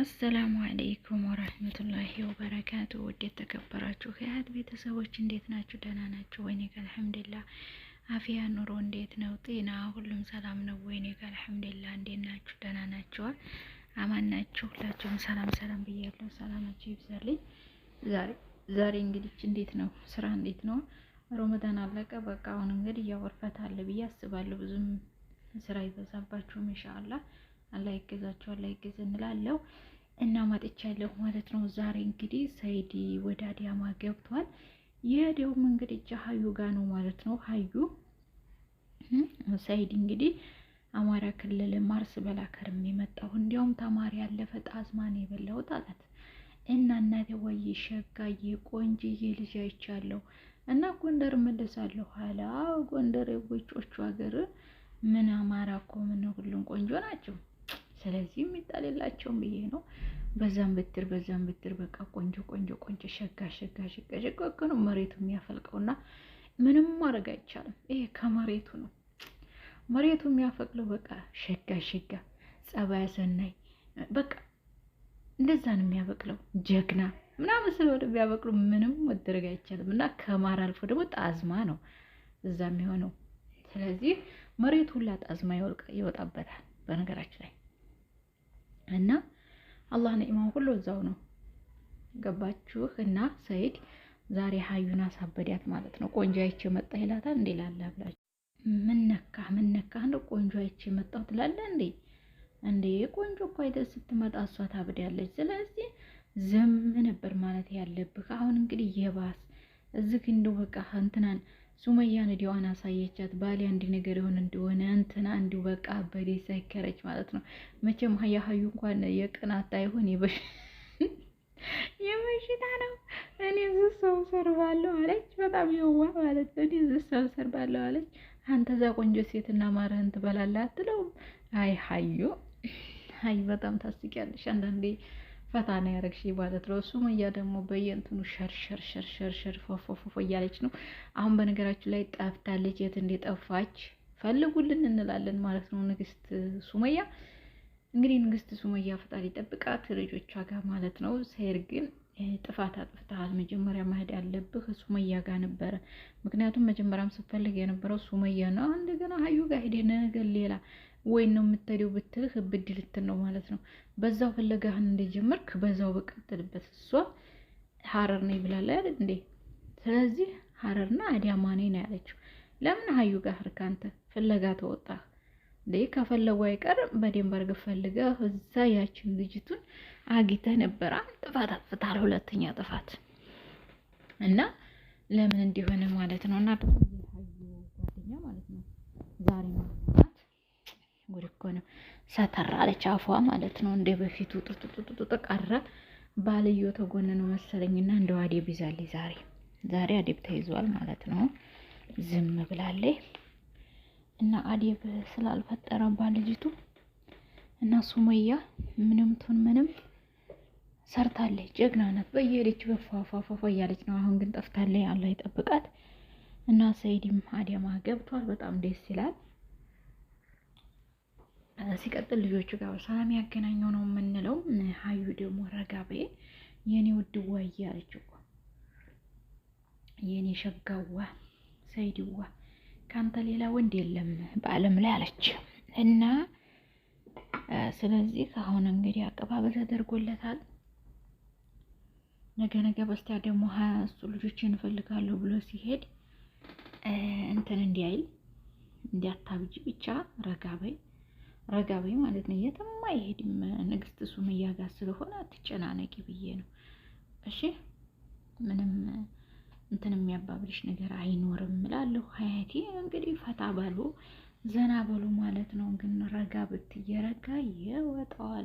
አሰላሙ አለይኩም ወራህመቱላሂ ወበረካቱ። ውድ የተከበራችሁ ህያት ቤተሰቦች እንዴት ናችሁ? ደህና ናችሁ? ወይኔ ጋር አፍያ ኑሮ እንዴት ነው? ጤና ሁሉም ሰላም ነው? ወይኔ ጋር እንዴት ናችሁ? ደህና ናችኋል? አማን ናችሁ? ሁላችሁም ሰላም ሰላም ብያለሁ። ሰላማችሁ ይብዛልኝ። ዛሬ ዛሬ እንግዲህ እንዴት ነው ስራ እንዴት ነው? ሮመዳን አለቀ። በቃ አሁን እንግዲህ ያው አለ ብዬ አስባለሁ። ብዙም ስራ ይበዛባችሁም ኢንሻአላህ አላህ ይገዛቸው፣ አላህ ይገዝ እንላለው እና ማጥቻለሁ ማለት ነው። ዛሬ እንግዲህ ሰይድ ወደ አዲያማ ገብቷል። የሄደውም እንግዲህ እጃ ሀዩ ጋ ነው ማለት ነው። ሀዩ ሰይድ እንግዲህ አማራ ክልል ማርስ በላከርም የመጣሁ እንዲያውም ተማሪ ያለፈ ጣዝማን የበላሁት አላት እና እናቴ ወይ ሸጋዬ ቆንጅዬ ልጅ አይቻለሁ እና ጎንደር እመለሳለሁ ኋላ ጎንደር የጎጮቹ ሀገር ምን አማራ እኮ ምን ሁሉም ቆንጆ ናቸው። ስለዚህ የሚጣልላቸውም ብዬ ነው። በዛም በትር በዛም ብትር በቃ ቆንጆ ቆንጆ ቆንጆ ሸጋ ሸጋ ሸጋ ሸጋ ነው መሬቱ የሚያፈልቀውና ምንም ማድረግ አይቻልም። ይሄ ከመሬቱ ነው መሬቱ የሚያፈቅለው በቃ ሸጋ ሸጋ ጸባይ ሰናይ በቃ እንደዛ ነው የሚያበቅለው ጀግና ምናምን ስለሆነ የሚያበቅሉ ምንም መደረግ አይቻልም። እና ከማር አልፎ ደግሞ ጣዝማ ነው እዛ የሚሆነው። ስለዚህ መሬቱ ሁላ ጣዝማ ይወጣበታል በነገራችን ላይ እና አላህ ነኢማው ሁሉ እዛው ነው። ገባችሁ? እና ሰይድ ዛሬ ሀዩን አሳበዳት ማለት ነው። ቆንጆ አይቼ መጣ ይላታል። እንዴ ላለ ብላችሁ ምን ነካ ምን ነካ እንደ ቆንጆ አይቼ መጣሁ ትላለ እንዴ? እንዴ ቆንጆ እኮ አይተህ ስትመጣ እሷ ታብዳለች። ስለዚህ ዝም ነበር ማለት ያለብህ። አሁን እንግዲህ የባስ እዚህ እንደው በቃ እንትናን ሱመያን እዲዋን አሳየቻት። ባሌ አንድ ነገር የሆነ እንደሆነ እንትና እንዲሁ በቃ አበዴ ሰከረች ማለት ነው። መቼም ያሀዩ እንኳን የቅናት አይሆን የበሽታ ነው። እኔ እዚህ ሰው ሰርባለሁ አለች። በጣም የዋ ማለት ነው። እኔ እዚህ ሰው ሰርባለሁ አለች። አንተ እዛ ቆንጆ ሴትና ማረህን ትበላለህ አትለውም? አይ ሀዩ ሀይ፣ በጣም ታስቂያለሽ አንዳንዴ ፈታ ነው ያደረግሽ ማለት ነው። እያ ደግሞ በየእንትኑ ሸርሸርሸርሸርሸር ፎፎፎፎ እያለች ነው። አሁን በነገራችሁ ላይ ጠፍታለች። የት እንደጠፋች ፈልጉልን እንላለን ማለት ነው። ንግስት ሱመያ እንግዲህ ንግስት ሱመያ ፈጣሪ ጠብቃት ልጆቿ ጋር ማለት ነው። ሰይር ግን ጥፋት አጥፍተሃል። መጀመሪያ መሄድ ያለብህ ሱመያ ጋር ነበረ። ምክንያቱም መጀመሪያም ስትፈልግ የነበረው ሱመያ ነው። እንደገና ሀዩ ጋር ሄደ። ነገ ሌላ ወይን ነው የምትሄደው ብትልህ እብድ ልትል ነው ማለት ነው። በዛው ፍለጋህን እንደጀመርክ በዛው በቀጥልበት። እሷ ሀረር ነኝ ብላለች አይደል እንዴ? ስለዚህ ሀረርና አዳማ ነኝ ነው ያለችው። ለምን ሀዩ ጋር ከአንተ ፍለጋ ተወጣህ? እንዴ ከፈለጉ አይቀርም በደንብ አድርገህ ፈልገህ እዛ ያችን ልጅቱን አግኝተህ ነበር። ጥፋት አጥፍታል፣ ሁለተኛ ጥፋት እና ለምን እንዲሆነ ማለት ነው እና ጓደኛ ማለት ነው ዛሬ ነው ጉድ እኮ ነው። ሰተር አለች አፏ ማለት ነው። እንደ በፊቱ ጥርጥጥጥጥ ቀረ። ባልዮ ተጎን ነው መሰለኝና እንደው አዴብ ይዛለች ዛሬ ዛሬ አዴብ ተይዟል ማለት ነው። ዝም ብላለች እና አዴብ ስላልፈጠረ ባልጅቱ እና ሱመያ ምንም ትሁን ምንም ሰርታለች። ጀግና ናት። በየሄደች በፏፏፏፏ እያለች ነው። አሁን ግን ጠፍታለች። አላህ ይጠብቃት እና ሰይድም አዳማ ገብቷል። በጣም ደስ ይላል። ሲቀጥል ልጆቹ ጋር ሰላም ያገናኘው ነው የምንለው። ሀዩ ደግሞ ረጋቤ የኔ ውድዋ እያለች እኮ የኔ ሸጋዋ ሰይድዋ ከአንተ ሌላ ወንድ የለም በዓለም ላይ አለች እና ስለዚህ አሁን እንግዲህ አቀባበል ተደርጎለታል። ነገ ነገ በስቲያ ደግሞ እሱ ልጆች እንፈልጋለሁ ብሎ ሲሄድ እንትን እንዲያይል እንዲያታብጅ ብቻ ረጋበይ ረጋ ረጋቢ ማለት ነው። የትም አይሄድም። ንግስት ሱመያ ጋር ስለሆነ አትጨናነቂ ብዬ ነው። እሺ ምንም እንትን የሚያባብልሽ ነገር አይኖርም እላለሁ። ሀያቴ እንግዲህ ፈታ በሉ ዘና በሉ ማለት ነው። ግን ረጋ ብትየረጋ ይወጣዋል።